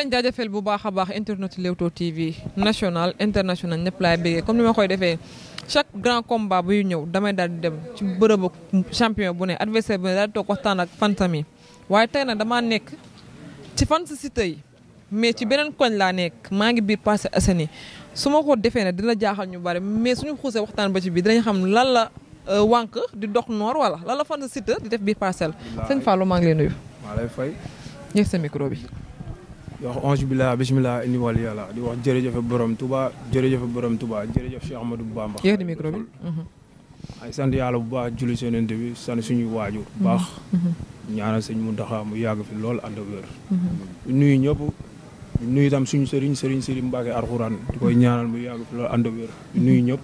leen jaajëfal bu baax a baax internet Leewtoo TV national international ñëpp laay bëggee comme ni ma koy defee chaque grand combat buy ñëw damay daal di dem ci bërëbu champion bu ne adversaire bu daal toog waxtaan ak fansam yi waaye tey damaa nekk ci fans Siteu yi mais ci beneen koñ laa nekk maa ngi biir Parcelles Assainies su ma ko defee ne dina jaaxal ñu bari mais suñu xuusee waxtaan ba ci biir dinañ xam lan la euh, wànq di dox noor walla lan la fans Siteu di def biir parcelle. sëñ Fallou maa ngi lay nuyu. maa sa micro bi. di wax onze billah bismillah indi wàllu yàlla di wax jërëjëf borom Touba jërëjëf borom Touba jërëjëf Cheikh Ahmadou Bamba. yéex di micro bi. sant yàlla bu baax julli seenante bi sant suñuy waajur bu baax. Mm-hmm. ñaanal sëñ Mountakha mm-hmm. mu yàgg fi lool ànd ak wér. nuyu ñëpp mm-hmm. nuyu itam suñu sëriñ sëriñ Sëriñ Mbacke Alxuraan di mu yàgg fi lool ànd ak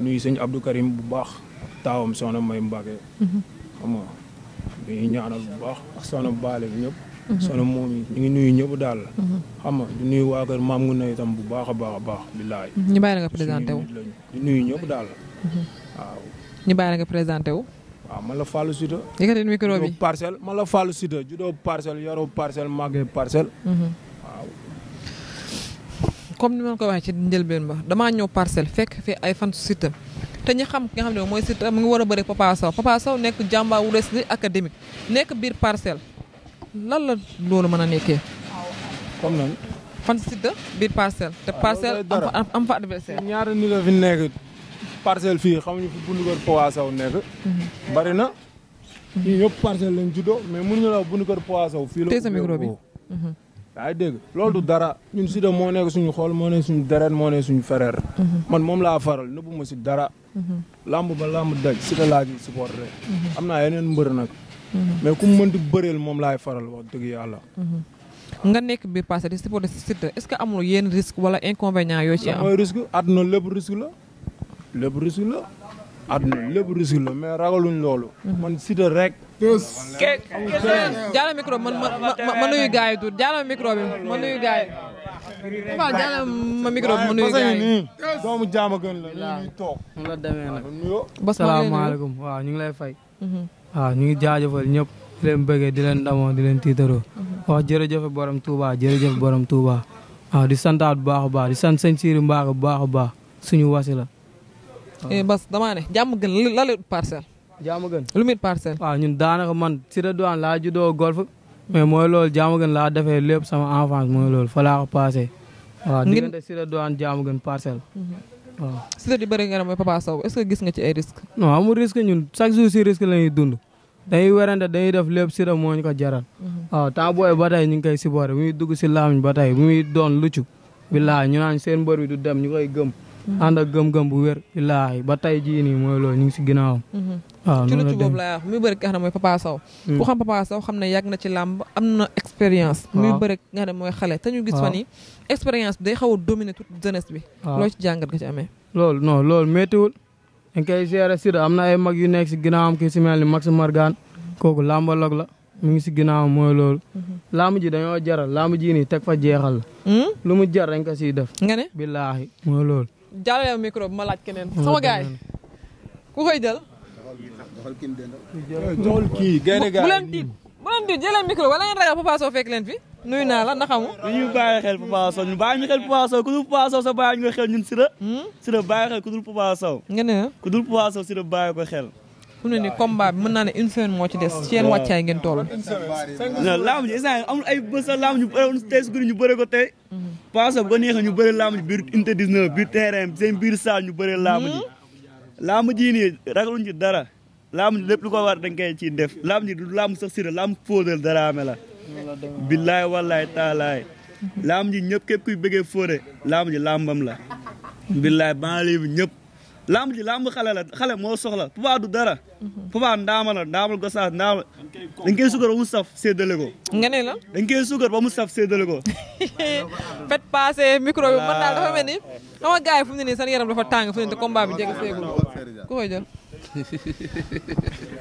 sëñ Abdou Karim bu baax taawam soxna May Mbacke. xam nga ñuy ñaanal bu baax ak Baale ñëpp. Mhm. soxna moom ñu ngi nuyu ñëpp daal. Mhm. xam nga di nuyu waa kër maam ngu ne itam bu baax a baax a baax billaay. Mhm. ñu bàyyi la nga présenté wu di nuyu ñëpp wu. waaw man la Fallou Sida. yëkkati micro bi parcelle man la Fallou Sida juddoo ni ma ko waxee ci njëlbeen ba ay fan Siteu te ñi xam nga xam ne mooy a bëri nekk jàmbaa wu des li académique nekk biir parcelle. lan la loolu mën a nekkee. comme nan. fan Siteu biir parcelle. te ah, parcelle am fa adversaire. ñaari ni la fi nekk parcelle fii xamuñu fu bundu kër Papa nekk. Mhm. bari na. fii ñëpp parcelle lañ juddoo mais mënuñu la bundu kër Papa fii la. tey sa micro bi. Mhm. dégg loolu du dara ñun Siteu moo nekk suñu xool moo nekk suñu deret moo nekk suñu fereer. Mhm. man moom laa faral nëbbu ma si dara. lamb ba lamb daj Siteu laa ji supporté. am naa yeneen mbër nag. Mm-hmm. mais ku mu bëreel moom laay faral wax dëgg yàlla. Mm-hmm. nga nekk biir passé di supporter Siteu est-ce que amul yenn risque wala inconvénient yoo ci am. mooy risque àdduna lépp risque la lépp risque la àdduna lépp la mais ragaluñ loolu. Mm-hmm. man Siteu rek. kee jaala micro man ma ma ma nuyu gars yi tuut jaala micro bi ma nuyu gars yi. waaw jaala ma micro bi ma ñu ngi toog. nga waaw ñu lay fay. waaw ñu ngi jaajëfal ñëpp di leen bëggee di leen ndamoo di leen tiitaroo mhm. wax jërëjëf borom Touba jërëjëf borom Touba di santaat bu baax baax di sant sëñ Siiri Mbaax bu baax a baax suñu wasila la. Eh, bas damaa ne jàmm gën la la parcelle. jàmm gën lu muy parcelle. waaw ñun daanaka man si la doon laa juddoo golf mais mooy loolu jàmm gën laa defee lépp sama enfance mooy loolu fa laa ko passé. waaw diggante si doon jàmm gën parcelle. Mhm. waaw si la di bëri nga ne mooy Papa Sow est-ce que gis nga ci ay risques. non amul ñun chaque jour si risque la ñuy dund. dañuy werante dañuy def lépp Siteu moo ñu ko jaral. Mhm. waaw temps booy ba ñu ngi koy supporté bu muy dugg si laamiñ ba tey bu muy doon luccu. billaahi ñu naan seen mbër bi du dem ñu koy gëm. Mhm. ànd a gëm-gëm bu wér billaahi ba tey jii nii mooy lool ñu ngi si ginnaawam. Mhm. waaw ci luccu laa wax muy xam ne mooy Papa Sow. Mm. ku xam xam ne yàgg na ci làmb am na expérience. muy bëri nga xam ne mooy xale te ñu gis fa ni expérience day xaw a dominer toute bi. waaw ci jàngat nga ci amee. loolu non lool méttiwul ñu ngi koy gérer Siteu am na ay mag yu nekk si ginnaawam ki si mel ni Max kooku làmbaloog la mu ngi si ginnaawam mooy loolu. Mhm. làmb ji dañoo jaral làmb ji nii teg fa jeexal la. Hmm? lu mu jar dañ ko siy def. nga ne billaahi mooy loolu. jàllale micro bi ma laaj ku koy jël. joxal kii gaynde gaay bu andi jëlee micro wala ngeen ragal Papa Sow fekk fi nuyu naa la na xamu ñu bàyyi xel Papa Sow ñu bàyyi xel Papa ku dul Papa sa bàyyi ñu ko xel ñun Sira hmm? Sira bàyyi xel ku dul Papa Sow ku dul Papa Sow Sira bàyyi xel ku ne ni combat bi mën naa ne une semaine moo ci des seen wàccaay ngeen toll non laamu ji instant amul ay a laamu ñu bëre tey si ñu bëre ko tey hmm. Papa Sow bu ko laamu ji biir unité 19 biir terrain seen biir salle ñu bëre laamu ji hmm? laamu ji nii ragaluñ ci dara laam lépp lu ko war dañ koy ciy def laam ji du laam sax sira laam fóodal daraame la billaay wallaay taalaay laam ji ñëpp képp kuy bëggee fóore laam ji laambam la billaay banlieue bi ñëpp laam ji laam xale la xale moo soxla Papa du dara Papa ndaama la ndaamal gosaas ndaama dañ koy sukkar ba mu saf séddale ko nga ne la dañ koy sukkar ba mu saf séddale ko fet passé micro bi man daal dafa mel ni xam nga gars yi fu mu ne nii seen yaram dafa tàng fu mu ne nii te combat bi jege seegul ku koy jël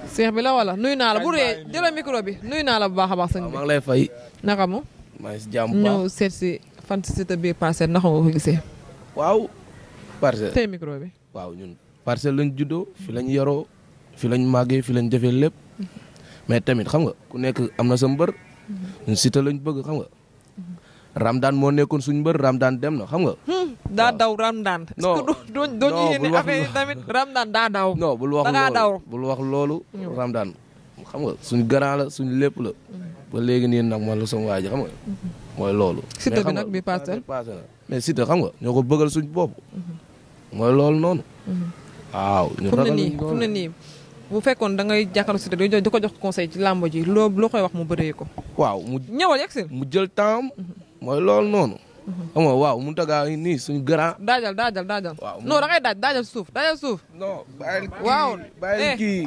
seex bi la wala nuyu naa la bu rëy jëlal micro bi nuyu naa la bu baax a baax. sëñ bi maa ngi lay fay. naka mu. maa ngi si jàmm bu baax fan si Siteu bi parcelle naka nga ko gisee. waaw. parcelle tey micro bi. waaw ñun parcelle lañ juddoo fi lañ yoroo fi lañ màggee fi lañ defee lépp mhm. mais tamit xam nga ku nekk am na sa mbër mhm. ñun lañ bëgg xam nga. Ramdaan moo nekkoon suñu mbër Ramdaan dem na xam nga. Hmm, daa daw Ramdaan. non non bul wax ne affaire yi tamit Ramdaan daa daw. non bul wax loolu bul wax loolu. Hmm. Ramdaan xam nga suñu garant la suñu lépp la. Hmm. ba léegi nii nag man la sama waa ji xam nga. mooy loolu. Siteu bi nag bi paase la mais Siteu xam nga ñoo ko bëggal suñu bopp. mooy loolu noonu. waaw ñu ragal ñu fu ne nii mooy lool noonu. Mhm. xam nga waaw mu tagaa nii suñu grand. daajal daajal daajal. waaw da ngay daaj daajal suuf daajal suuf. non kii waaw bàyyil eh. kii.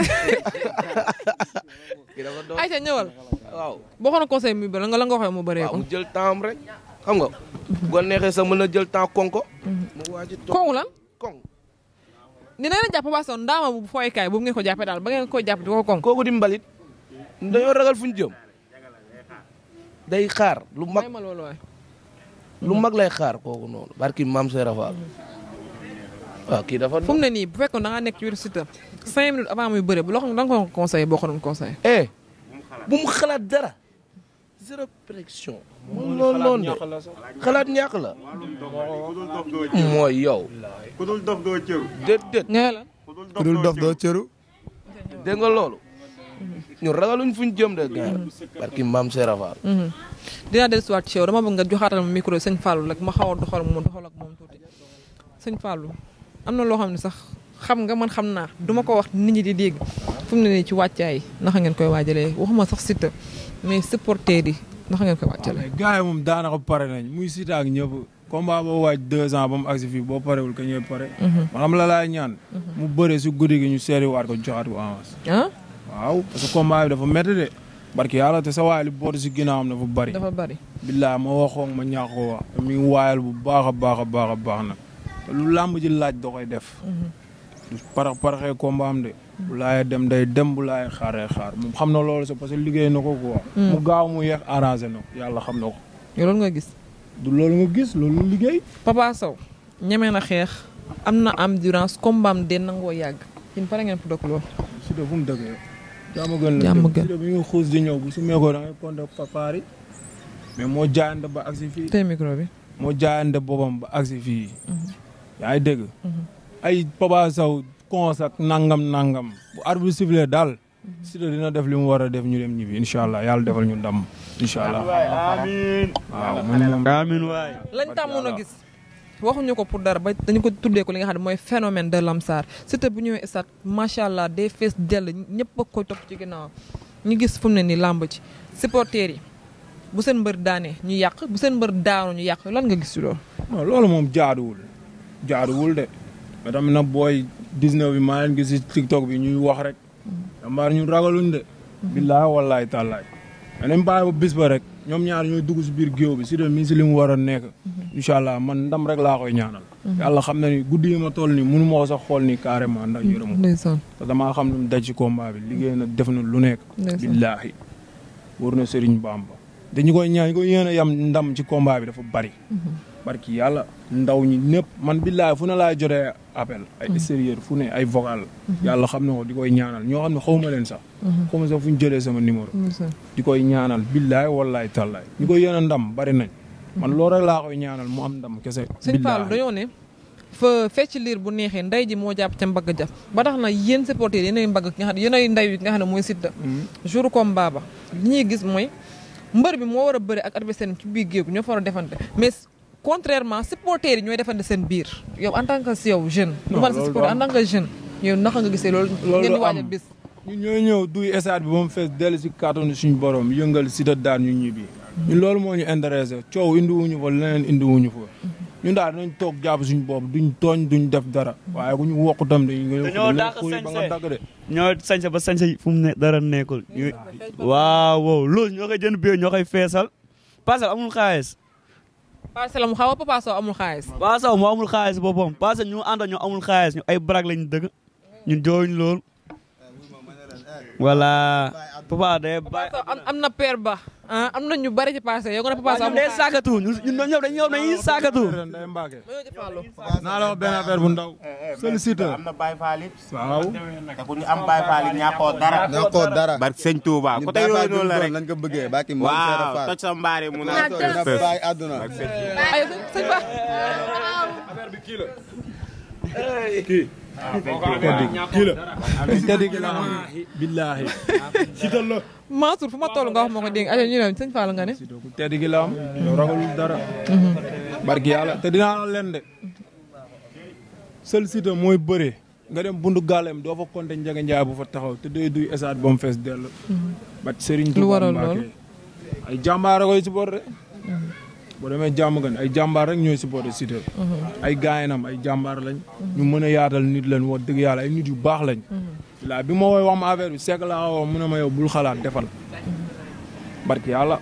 ayca ñëwal. waaw boo xoolee conseil mi bëri ko. mu jël temps rek xam nga. bu ko neexee sax mën na jël temps konko. Mhm. mu waaj a koŋ lan koŋ. ni nee na jàpp ba sax ndaama bu fooykaay boobu ngeen ko jàppee daal ba ngeen koy jàpp ko koŋ. kooku di mbalit. dañoo ragal fu day xaar lu mag lu mag lay xaar kooku noonu barki maam Seera Fall waaw kii dafa. fu mu bu fekkoon da ngaa nekk ci biir Siteu cinq minutes avant muy bu loo xam ne da nga ko conseillé boo ko doon eh, bu mu xalaat dara. zéro pression. moom loolu noonu de xalaat ñàkk la. mooy yow. ku dul nga loolu. ñu ragaluñ fuñ jëm de gars barki maam Serap Fall. Mhm. dinaa dellusiwaat ci dama bëgg nga joxaatal ma micro sëñ Fallou rek ma xaw a doxal mu doxal ak moom na loo xam ne sax xam nga man xam naa duma ko wax nit ñi di dégg fu mu ne nii ci wàccaay naka ngeen koy waajalee waxuma sax Siteu mais supporter yi naka ngeen koy wàccalee. gars yi moom daanaka pare nañ muy Siteu ak ñëpp combat boo waaj deux ans ba mu agsi fii boo parewul ka ñooy pare. Mhm. maanaam la laay ñaan. Mhm. mu bëre si guddi ñu seeri waat ko joxaat ko avance. Ah? waaw parce que combat bi dafa métti de. barki yàlla te sa waay li booti si ginnaawam dafa bari. bari. billaay ma waxoon ma ñaax ko wax. mi ngi bu baax a baax a baax a baax nag. lu làmb ji laaj da koy def. Mm-hmm. du de. bu laayee dem day dem bu xaaree xaar moom xam na loolu sax parce que liggéey na ko quoi. Mm. mu gaaw mu yeex arrangé na ko yàlla xam na ko. loolu nga gis. du loolu nga gis loolu liggéey. Papa Sow ñeme na xeex am na endurance combat am de nangoo yàgg. yéen pare ngeen pour loolu. su dee fu mu dëkkee. jàmm gën la jàmm gën xuus di ñëw bu su meekoo da ngay compter papaar yi mais moo jaayante ba agsi fii. tey micro bi. moo jaayante boppam ba agsi fii. Mm-hmm. yaa ngi dégg. Mm-hmm. ay Papa Sow cons ak nangam nangam bu arbitre sifflé daal. Mm-hmm. Siteu dina def li mu war a def ñu dem ñibbi incha allah yàlla defal ñu ndam. incha allah amiin lañ tàmmoon gis. waxuñu ko pour dara ba dañu ko tuddee ko li nga xam ne mooy phénomène de Lamsar Siteu bu ñëwee stade macha allah day fees dell ñëpp a koy topp ci ginnaawam ñu gis fu mu ne nii làmb ci supporters yi bu seen mbër daanee ñu yàq bu seen mbër daanoo ñu yàq lan nga gis ci loolu. moom jaaduwul jaaduwul de mais tamit nag booy 19 bi maa gis ci TikTok bi ñuy wax rek. dambaar ñu ragaluñ de. Mm-hmm. billaahi wallaahi tàllaay. nañ bàyyi ba bis ba rek. ñoom ñaar ñooy dugg si biir géew bi si de si li mu war a nekk. incha allah man ndam rek laa koy ñaanal. yàlla xam na ni guddi yi ma toll ni mënu moo ko sax xool nii carrément ndax yërëm. ndeysaan te damaa xam lu mu daj bi liggéey na def na lu nekk. billaahi wóor na Serigne Bamba. dañu koy ñaan ñu koy yéen yam ndam ci combat bi dafa bari. barki yàlla ndaw ñi ñëpp man billaay fu ne laa jotee appel ay mhm. extérieur fu ne ay vocal mhm. yàlla xam ne ko di koy ñaanal ñoo xam ne xawma leen sax mhm. xawma fu ñu jëlee sama numéro di koy ñaanal billaay wallaay tallaay ñu koy yéen ndam bari nañ man loolu rek laa koy ñaanal mu am ndam kese sëñ Fallou dañoo ne fa liir bu neexee nday moo jàpp ca mbagg ja ba na yéen supporters yéenay mbagg ki nga xam ne nga xam ne mooy Siteu jour combat ba li ñuy gis mooy mbër bi moo war a bëri ak adversaire ci biir géegu ñoo fa war defante contrairement supporters ñooy defandi seen biir yow en tant que si yow jeune. non loolu supporter en tant que jeune. yow naka nga gisee loolu. ngeen di waajal bis ñun ñooy ñëw duy esaat bi ba mu fees dellu si kàttanu suñu borom yëngal si daan ñu ñibbi. ñun loolu moo ñu intéressé coow indiwuñu fa leneen indiwuñu fa. ñun daal dinañ toog jàpp suñu boobu duñ tooñ duñ def dara. waaye ku ñu wokk tam dañuy. dañoo dàq sañse ñoo sañse ba sañse fu mu ne dara nekkul. waaw waaw loolu ñoo koy jënd bee ñoo koy feesal. parce que parcelle mu xaw a Papa Sow amul xaalis. Papa Sow mu amul xaalis boppam parce que ñu ànd ñu amul xaalis ñu ay barak lañu dëgg ñun jooyuñu lool. voilà. Papa day. am na père ba. ah am na ñu bari ci passé yow nga ne Papa Sow day saagatu ñun ñoom dañuy ñoom dañuy saagatu. naa la wax benn affaire bu ndaw. sollicité am na Baye Fall it. waaw te ku ñu am Baye Fall it ñàkkoo dara. ñàkkoo dara barke Sëñ Touba ku tey yooyu noonu la rek lañ ko bëggee bàkki moom waaw toj sa mbaare mu na bàyyi àdduna ay sëñ Ba affaire bi kii la kii kii la kii la billaahi Mansour fu ma toll nga wax ma ko dégg aywa ñu ne sëñ Fall nga ne. tedd la am yow mhm. mooy bëree. nga dem bundu gaaleem doo fa compter Ndiaga Ndiaye bu fa taxaw te day duy esaat ba mu fees dell. Mhm. ba Serigne Touba lu waral lool ay jàmbaar koy supporté. Mhm. boo demee jàmm gan ay jàmbaar rek ñooy supporté Siteu. ay gaayinam ay jàmbaar lañ. ñu mën a yaatal nit lañ wax dëgg yàlla ay nit yu baax lañ. la bi ma wooy wax ma affaire bi laa woo mu ne ma yow bul xalaat defal barki yàlla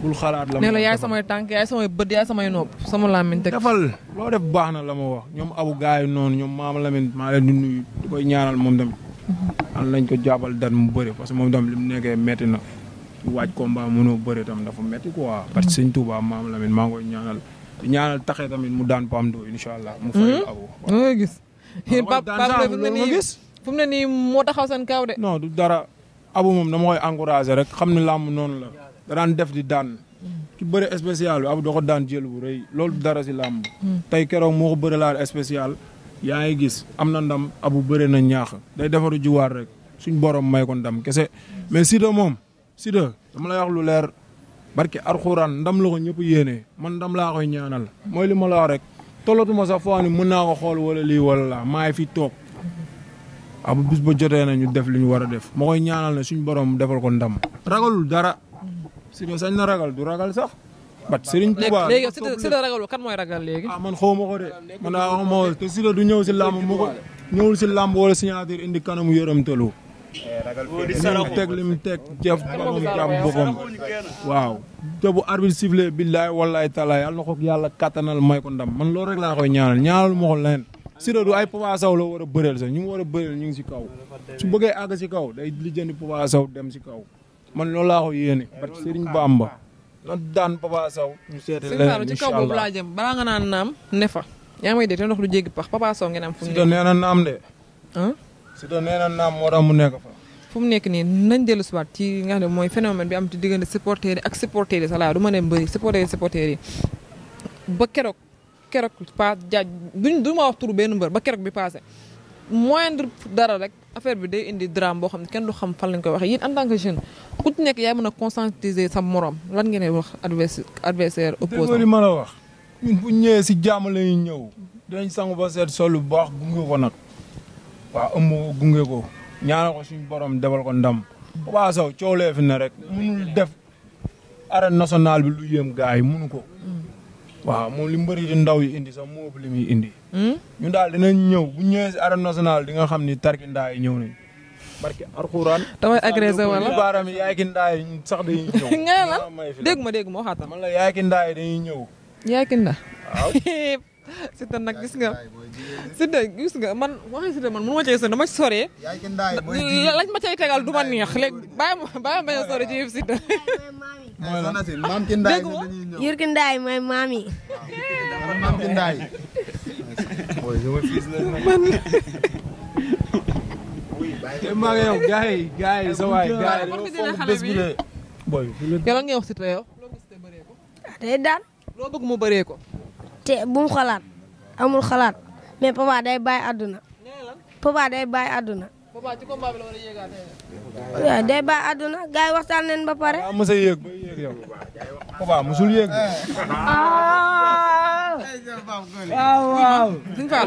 bul xalaat la. ne la yaay samay tànk yaay samay samay nopp sama làmmiñ teg defal loo def la ma wax ñoom abu gaay noonu ñoom maama Lamine maa koy ñaanal moom tamit. an lañ ko jàppal dan mu bëri parce que moom tamit li mu nekkee métti na. waaj combat mënoo bëri tam dafa métti quoi. parce que sëñ Touba maama Lamine maa ngi koy ñaanal ñaanal tamit mu daan Pam Ndo incha allah. Hmm? gis. fu mu ne nii moo taxaw seen kaw de. non du dara abu moom dama koy encouragé rek xam ne làmb noonu la. da def di daan. ki bëre spécial bi abu da ko daan jël bu rëy loolu dara si làmb. tey keroog moo ko bëre laal spécial. yaa ngi gis am na ndam abu bëre na ñaax day defaru jiwaar rek suñ borom may ko ndam kese mais Siteu moom Siteu dama la wax lu leer barki arxuraan ndam la ko ñëpp yéene man ndam laa koy ñaanal. mooy li ma la wax rek tollatuma sax foo xam mën naa xool wala lii wala laa fi toog. waaw bu bis ba jotee na ñu def li ñu war a def ma koy ñaanal ne suñu borom defal ko ndam. ragalul dara. si nga sañ na ragal du ragal sax. bat Serigne Touba léegi si la ragalul kan mooy ragal léegi. ah man xaw ma ko de man daa wax ma te si la du ñëw si làmb mu ko ñëwul si làmb wala signature indi kanamu yërëmtalu. lim teg lim teg jëf boppam jàmm boppam waaw te bu arbitre sifflé billaay wallaay talaay yàlla na ko yàlla kattanal may ko ndam man loolu rek laa koy ñaanal ñaanal ma ko leen Siteu du ay Papa Sow la war a bëreel sax ñu war a bëreel ñu ngi si kaw su bëggee àgg si kaw day lijjanti Papa Sow dem si kaw man loolu laa ko yéene parce que Serigne Bamba na daan Papa ñu seete leen ci kaw boobu laa jëm balaa nga naan naam ne fa yaa may dee te ndox du jéggi pax Papa Sow ngeen am fu na naam de Siteu nee na naam moo tax mu nekk fa fu mu nekk nii nañ dellu si waat nga xam ne mooy phénomène bi am ci diggante supporter yi ak supporter yi sa laa du ma ne mbëri supporter yi supporter yi ba keroog pas jaaj duñ du ma wax turu benn mbër ba keroog bi passé moindre dara rek affaire bi day indi drame boo xam ne kenn du xam fan lañ koy waxee yéen en tant que jeune ku ci nekk yaa mën a conscientiser sa moroom lan ngeen wax adversaire adversaire opposant mën wax ñun bu si jàmm la ñëw dinañ sangu ba seet sol baax gunge ko nag waaw ëmb gunge ko ñaana ko suñu borom defal ko ndam Papa Sow coow lee fi rek mënul def arène nationale bi lu yéem gars yi mënu ko waaw moom li mbëri di ndaw yi indi sax moo ëpp li muy indi. Hmm? ñun daal dinañ ñëw bu ñëwee si arène nationale di nga xam ni tarkindaa yi ñëw nañ. barke alxuraan. damay agressé wala baaram yaay ki ndaa yi sax dañuy ñëw. nga ne lan dégg ma dégg ma waxaatal. man la yaay ki ndaa yi dañuy ñëw. yaay ki ndaa. waaw. si te nag gis nga si te nga man waxee si te man mënu ma cee sori dama soree. lañ ma cay tegal du ma neex léegi bàyyi ma bàyyi ma bañ a mooy lan maam ki ndaay yurki ndaay mooy maam yi. maam wax si te yow. Ah, day loo bëgg mu bëree ko. te bu mu xalaat amul xalaat papa day bàyyi àdduna. àdduna. waaw day baax àdduna gars yi waxtaan nañ ba pare. waaw mos a yéeg ba yéeg yow. Papa mosul yéeg. Eh. Ah. Ah, waaw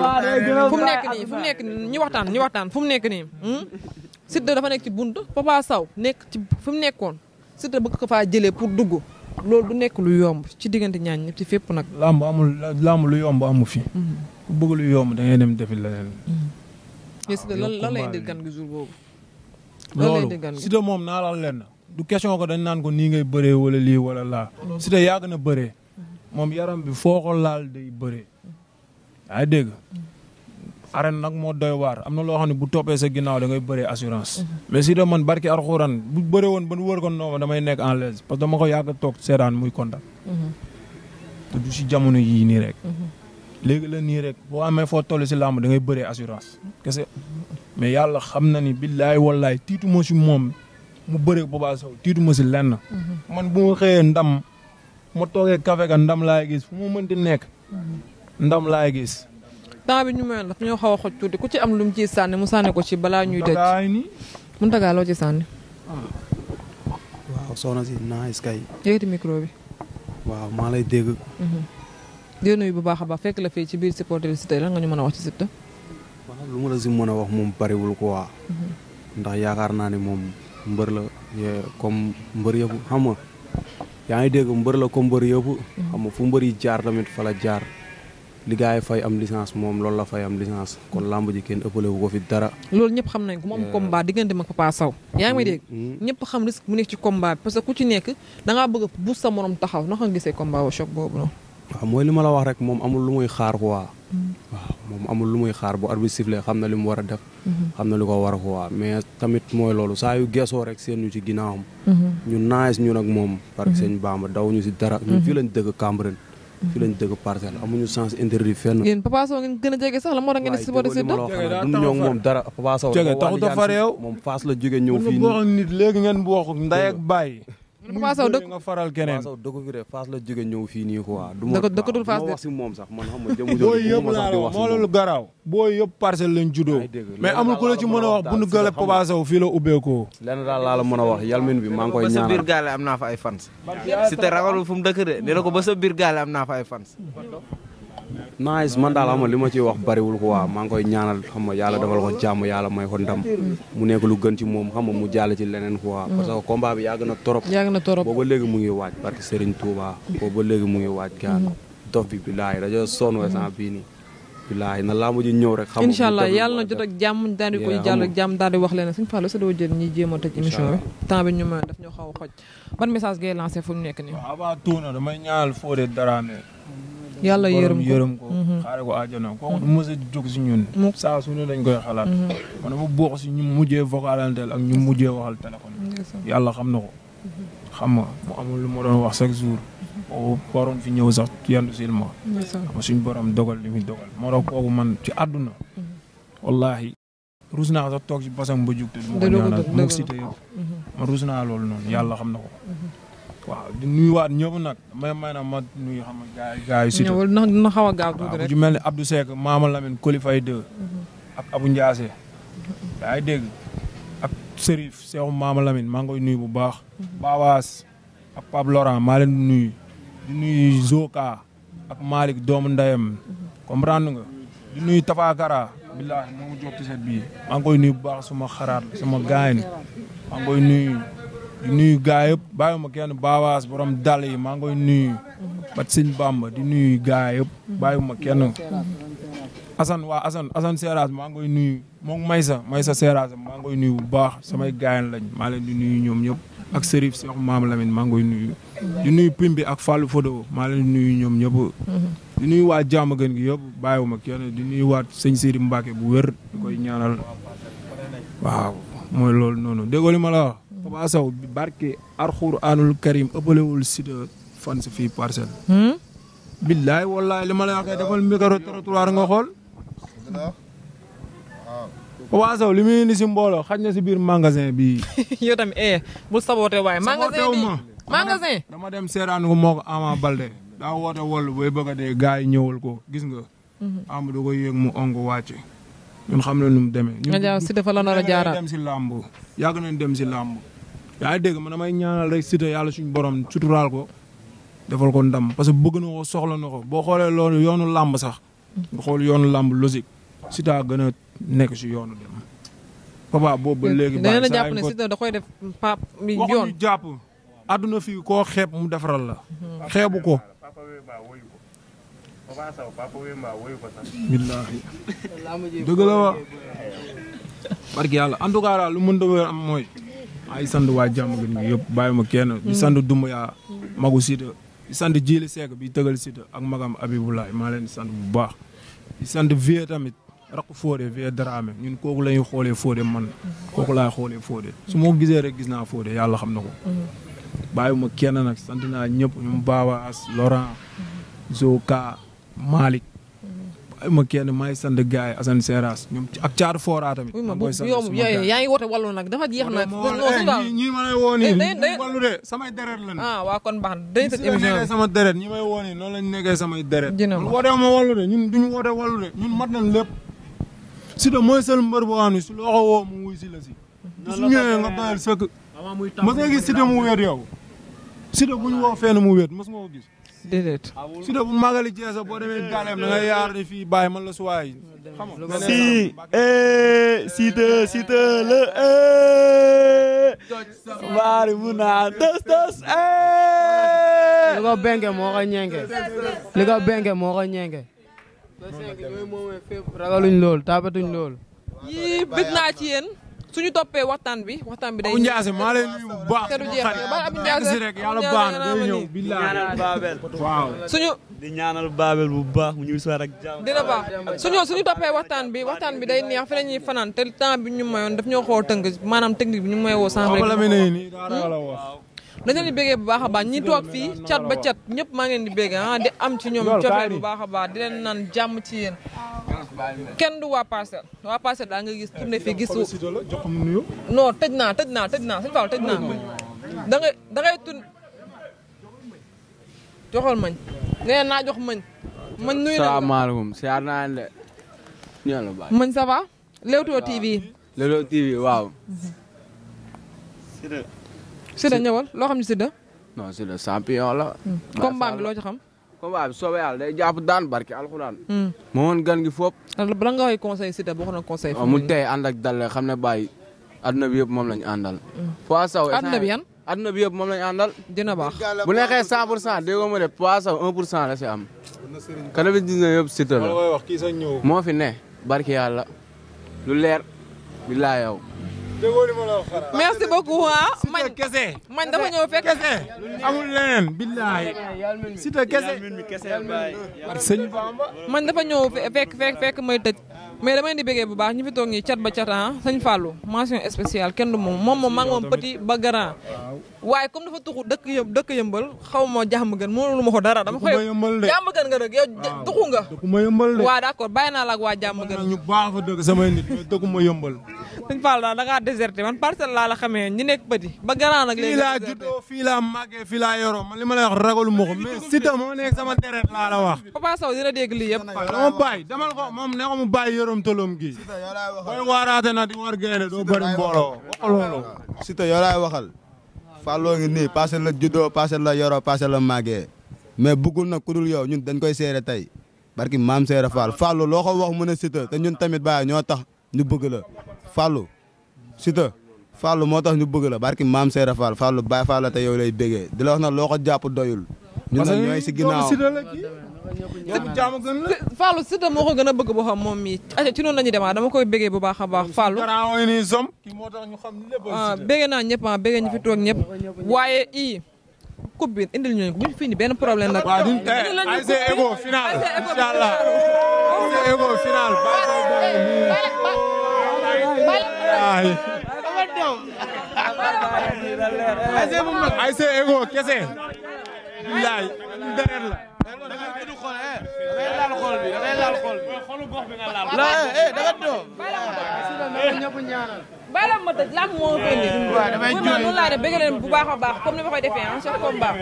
waaw. nekk nii fu mu nekk waxtaan ñu waxtaan fu mu nekk nii. Hmm? Siteu dafa nekk ci bunt Papa Sow nekk nekkoon Siteu bëgg ko faa jëlee pour dugg. loolu du nekk lu yomb ci diggante ñaan ñëpp ci fépp nag. lamb lu yomb amu fi. Hmm. ku lu yomb da ngay dem defi leneen. Hmm. mais Siteu lan lan lay indil gan gi jour boobu. loolu Siteu moom naa la lenn du question ko dañ naan ko nii ngay bëree wala lii wala laa. Siteu yàgg na bëree. moom yaram bi foo ko laal day bëree. yaa dégg. arène nag moo doy waar am na loo xam ne bu toppee sa ginnaaw da ngay bëree assurance. mais Siteu man barki arxuraan bu bëree woon ba nu wër ko noonu damay nekk en l'aise parce ko yàgg toog seetaan muy kontaan. Mhm. te si jamono yii nii rek. Mhm. léegi la nii rek boo amee foo toll si làmb da ngay bëree assurance kese mais yàlla xam na ni billaay wallaay tiitu ma si moom mu bëree Papa Sow tiitu ma si lenn. Mm-hmm. man bu ma xëyee ndam ma toogee café ga ndam laay gis fu mën di nekk mm-hmm. ndam laay gis. temps bi ñu mayoon daf ñoo xaw a xoj tuuti ku ci am lu ci ciy sànni mu sànni ko ci balaa ñuy dëj. mun tagaa ci sànni. waaw soxna si lay dégg. Mm-hmm. di nuyu bu baax a fekk la fii ci biir supporter Siteu lan nga ñu mën a wax ci Siteu. waaw lu ma la si mën a wax moom bariwul quoi. Mhm. ndax yaakaar naa ne moom mbër la comme mbër yëpp xam nga yaa ngi dégg mbër la comme mbër yëpp. Mhm. xam nga fu jaar tamit fa la jaar. li gars yi fay am licence moom loolu la fay am licence kon làmb ji kenn ëppale wu ko fi dara. loolu ñëpp xam nañ ko mu am combat diggante ma Papa Sow. yaa may dégg. Mm-hmm. Mm-hmm. ñëpp xam risque mu nekk ci combat parce que ku ci nekk da ngaa bu sa morom taxaw na nga gisee combat wu boobu noonu. waaw mooy li ma la wax rek moom amul lu muy xaar quoi. Mm-hmm. waaw moom amul xam na li mu war a def. Mm-hmm. xam na lu ko war a quoi mais tamit mooy loolu saa yu geesoo rek seen ñu ci ginnaawam. Mm-hmm. ñu naaj ñun ak moom. parce que sëñ Bamba daw ñu si dara. ñun fii lañ dëkk Cambérène. fii lañ dëkk parcelle amuñu sens interdit fenn. yéen ngeen gën a jege sax la moo tax ngeen di. si boole si doon waaye moom dara Papa Sow. jege a far moom Fass la jóge ñëw fii. nit léegi ngeen bu wax ndey ak baay Papa Sow dëkk faral keneen Papa Sow dëkk fi de Fass la jóge ñëw fii nii quoi. du ma dëkkatul Fass si moom sax man xam nga jëmu jëmu. booy yëpp laa wax moo loolu garaaw. booy yëpp parcelle lañ juddoo. mais amul ku la ci mën a wax bu nu gële Papa Sow fii la ubbeekoo. lenn daal laa mën a wax yalmin bi maa ngi koy ñaanal ba sa naa fa ay fans. si te ragalul fu mu dëkk de ne la ko ba sa biir gaale am naa fa ay fans. nice man daal xam li ma ciy wax bariwul ko waaw maa koy ñaanal xam nga yàlla defal ko jàmm yàlla may ko ndam mu nekk lu gën ci moom xam mu jàll ci leneen ko waaw mm. parce que combat bi yàgg na torop yàgg na torop booba léegi mu ngi waaj barke Serigne Touba booba léegi mu ngi waaj gaan dof mm. bi bilaay dañoo sonn mm. instant bii nii bilaay na laa mujj ñëw rek xam incha allah yàlla na jot ak jàmm daal di ko jàll ak jàmm daal di wax leen suñu Fallou sa doo jël ñi jéem a tëj émission bi bi ñu a xoj ban message ngay lancé fu mu yàlla yërëm ko yërëm ko mhm. xaare ko àjjana kooku du si ñun saa su ne dañ koy xalaat man mhm. ma bokk si ñu mujjee vocalanteel ak ñu mujjee waxal téléphone yàlla xam na ko mhm. xam nga mu amul lu ma doon wax chaque jour o waroon fi ñëw sax yendu sil ma ama suñ borom dogal li muy dogal moo tax kooku man ci àdduna wallahi ruus naa sax toog si basam ba jug te ma ko ñaanal noonu yàlla xam na ko waaw di nuyuwaat ñëpp nag may may na ma nuyu xam nga gars yi gars yi. ñëwul ndax dina xaw a Kolifay 2. Mm-hmm. ak Abu Ndiasse. yaa ak Serif Seexu Maama Lamine maa ngi bu baax. Mm-hmm. Babaas ak Pape Laurent maa leen di nuyu. di nuyu ak Malick doomu ndeyam mm-hmm. comprendre nga di nuyu Tafakara billaahi moo ma jox bii maa ngi bu baax suma xaraat sama gaañ maa ngi di nuyu gars yëpp bàyyi ma kenn baawaas borom dal yi maa nuyu. Mhm. bat sëñ Bamba di nuyu gars yëpp mhm. bàyyi ma kenn. Assane waa Assane Assane Seras maa ngi koy nuyu moom Maysa Maysa Seras maa ngi koy nuyu bu baax samay gaayan lañ maa leen di nuyu ñoom ñëpp ak Serif Cheikh Maam Lamine maa ngi nuyu. di nuyu Pimbi ak Fallou Fodo maa di nuyu ñoom ñëpp. Mhm. di nuyu waa jàmm gën gi yëpp bàyyiwuma kenn di nuyu sëñ Sidi Mbacke bu wér di koy ñaanal waaw mooy loolu noonu Papa Sow barke Alxuraanul Karim ëppalewul Siteu fans fii parcelle. Hmm? billaay wallaay li ma la waxee defal micro trottoir nga xool. Papa Sow li muy indi si mbooloo xaj na si biir magasin bii. yow tamit eh bul saboté waaye. magasin dama dem seeraan ko moo ko Ama Balde. daa woote wol bay bëgg a dee gars yi ko gis nga. Mhm. Ama da koy yëg mu ongu wàcce. ñun xam na nu mu demee. nga jaaw si la nar a jaaraat yaa ngi dégg man damay ñaanal rek Siteu yàlla suñu borom suturaal ko defal ko ndam parce que bëgg na ko soxla na ko boo xoolee yoonu lamb sax nga xool yoonu làmb logique Siteu a gën nekk si yoonu dem papa boobu ba léegi. bàyyi saa koy def pap mi yoon mu defaral la. Mhm. xeebu ko. billaahi dëgg la wa barki yàlla en tout cas daal lu mën da ay sant waa jàmm gën gi yëpp bàyyi ma kenn di sant Dumbuya magu Sita di sant Jili Seck bi tëgal Sita ak magam Abibulaay maa leen di sant bu baax di sant Vieux tamit rakk foode Vieux Dramé ñun kooku la ñu xoolee Fodé man kooku laay xoolee foode su moo gisee rek gis naa Fodé yàlla xam na ko bàyyi ma kenn nag sant naa ñëpp ñoom Baba As Laurent Zoka ma kenn maa ngi sant gars yi Assane Seras ñoom ak Thiatou Fora tamit. ma booy sant sama gars yi yaa ngi woote wàllu nag dafa jeex na. ñi ñi ma lay woo nii eh, wàllu de samay deret la ah waa kon baax day tëj émission bi sama deret ñi may woo nii noonu lañ nekkee samay deret. dina ma woote ma wàllu de ñun duñu woote wàllu de ñun mat nañ si de mooy seen mbër boo xam si su loo woo mu wuy si la si. Mm-hmm. su ñëwee nga bayal sëkk. ma nga gis si de mu wéet yow. si de bu ñu woo fenn mu wéet mos nga ko déedéet. su dee bu màggali jeesa boo demee Galeem da ngay yaar ni fii bàyyi man la su waay. xam nga si Siteu Siteu la baari mu naan tës tës. li ko benke moo ko ñeenge. li ko benke moo ko ñeenge. ragaluñ lool lool. yii bit naa ci yéen. suñu toppee waxtaan bi waxtaan bi day. Abou Ndiassé maa lay nuyu bu baax. Seydou Dieng Abou Ndiassé rek yàlla baax na day ñëw billahi ñaanal Babel waaw suñu. di ñaanal Babel bu baax mu ñuy soor ak jàmm. dina baax suñu suñu toppee waxtaan bi waxtaan bi day neex fi la ñuy fanaan te temps bi ñu mayoon daf ñoo xoo tënk maanaam technique bi ñu may woo. sans rek hmm? dañ leen di béggee bu baax a baax ñi toog fii cat ba cat ñëpp maa ngi leen di béggee ah di am ci ñoom cofee bu baax a baax di leen naan jàmm ci yéen kenn du waa parcelle waa parcelle daa nga gis tourné fii gisu non tëj naa tëj naa tëj naa sëñ naa da ngay da ngay tun naa jox mañ mañ nuyu na salaamaaleykum siyaar naa leen de ñoo la baax TV Leewtoo TV waaw Sida ñëwal loo xam ne Sida non Sida champion la hmm. combat bi loo ci xam combat bi soobee yàlla day jàpp daan barke alxuraan. Hmm. moo woon gan gi foofu. bala nga koy conseil Siteu boo xam ne conseil. mu tey ànd ak dal xam ne bàyyi adduna bi yëpp moom lañu àndal. Hmm. Papa Sow adduna bi yan. adduna bi yëpp moom lañu àndal. dina baax bu nekkee 100 pour cent déggoo ma de Papa Sow 1 pour cent la si am. 99 yëpp Siteu la moo fi ne barke yàlla lu leer bi laa yow. déggoo li ma la man kese. man dafa ñëw fekk. kese amul leneen. billaay si te kese. sëñ man dafa ñëw fekk fekk fekk may tëj. mais damay di bëggee bu baax ñu fi toog ñi cat ba cat ah sëñ Fallou mention spéciale kenn du moom moom moom maa ngi moom petit ba grand waaye comme dafa tuxu dëkk yë xaw ma jàmm gën mënulu ma ko dara dama koy jàmm gën nga rek yow tuxu nga dëkkuma yëmbal naa la ak waa baax fa dëkk samay nit mais dëkkuma yëmbal sëñ Fallou daal ah, da ngaa déserté man parcelle laa la xamee ñi nekk petit ba grand nag léegi fii laa juddoo fii laa màggee fii li ma lay la wax Papa Sow dina dégg lii yëpp dama mbarum tolom gi. booy waaraate na di war gaynde doo bëri mbooloo loolu. Siteu yoo laay waxal. Fallou ngi nii passé la juddoo passé la yoroo passé la màggee mais bëggul nag ku dul yow ñun dañ koy seere tey barki maam seere Fall Fallou loo ko wax mu ne Siteu ñun tamit baa ñoo tax ñu bëgg la Fallou Siteu Fallou moo tax ñu bëgg la barki maam seere Fall Fallou bàyyi Fall la te yow lay bégee di la wax nag loo ko jàpp doyul. ñun nag ñooy si ginnaaw Fallou Siteu moo ko gën a bëgg boo xam moom mii ci noonu la ñuy demaat dama koy bëggee bu baax a baax Fallou ah, bëggee naa ñëpp ah bëggee ñu fi toog ñëpp waaye i coupe bi indil ñooñu ko bu ñu fi indi benn problème nag ASC Ego final inshallah ASC Ego final ASC Ego kese bilaay deret la. da ngay tudd xol eh da ngay laal xol bi da ngay laal xol bi. xolu gox bi nga laal. la eh da nga doo. bala ma tëj lan moo koy indi. waaw damay jooy noonu laa def bëgg leen bu baax a baax comme ni ma koy defee ah chaque combat.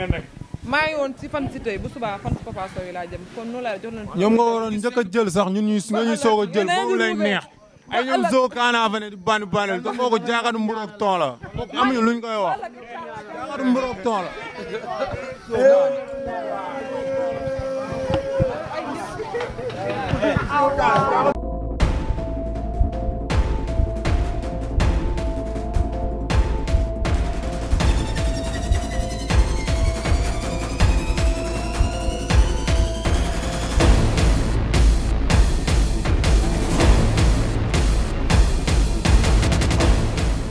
maa ngi woon si fan si tey bu subaa fan si Papa Sow yi laa jëm kon noonu laa jox leen. ñoom nga waroon njëkk a jël sax ñun ñuy nga ñuy soog a jël boobu lay neex. ay ñoom zoo kaanaa di banu banal te kooku jaaxadu mburoog ton la kooku luñ koy wa